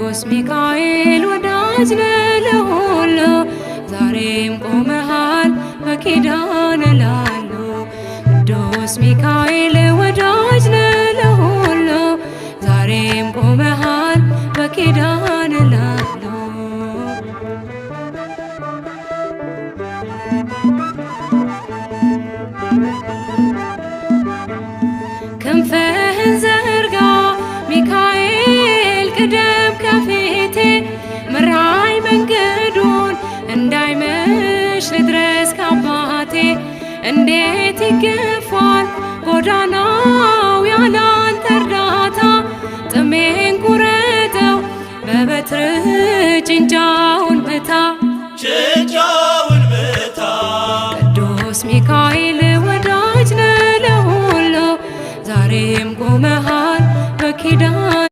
ቅዱስ ሚካኤል ወዳጅ ለሁሉ ዛሬም ቆመሃል በኪዳን ላሉ ቅዱስ ሚካኤል ወዳጅ ለሁሉ ዛሬም ቆመሃል በኪዳን ላሉ ቅደም ከፊቴ ምራይ መንገዱን እንዳይመሽ ልድረስ ከአባቴ እንዴት ይገፋል ጎዳናው ያላንተ እርዳታ ጥሜን ቁረጠው በበትር ጭንጫውን ብታ ጭንጫውን ብታ ቅዱስ ሚካኤል ወዳጅ ነህ ዛሬም ቆመሃል በኪዳን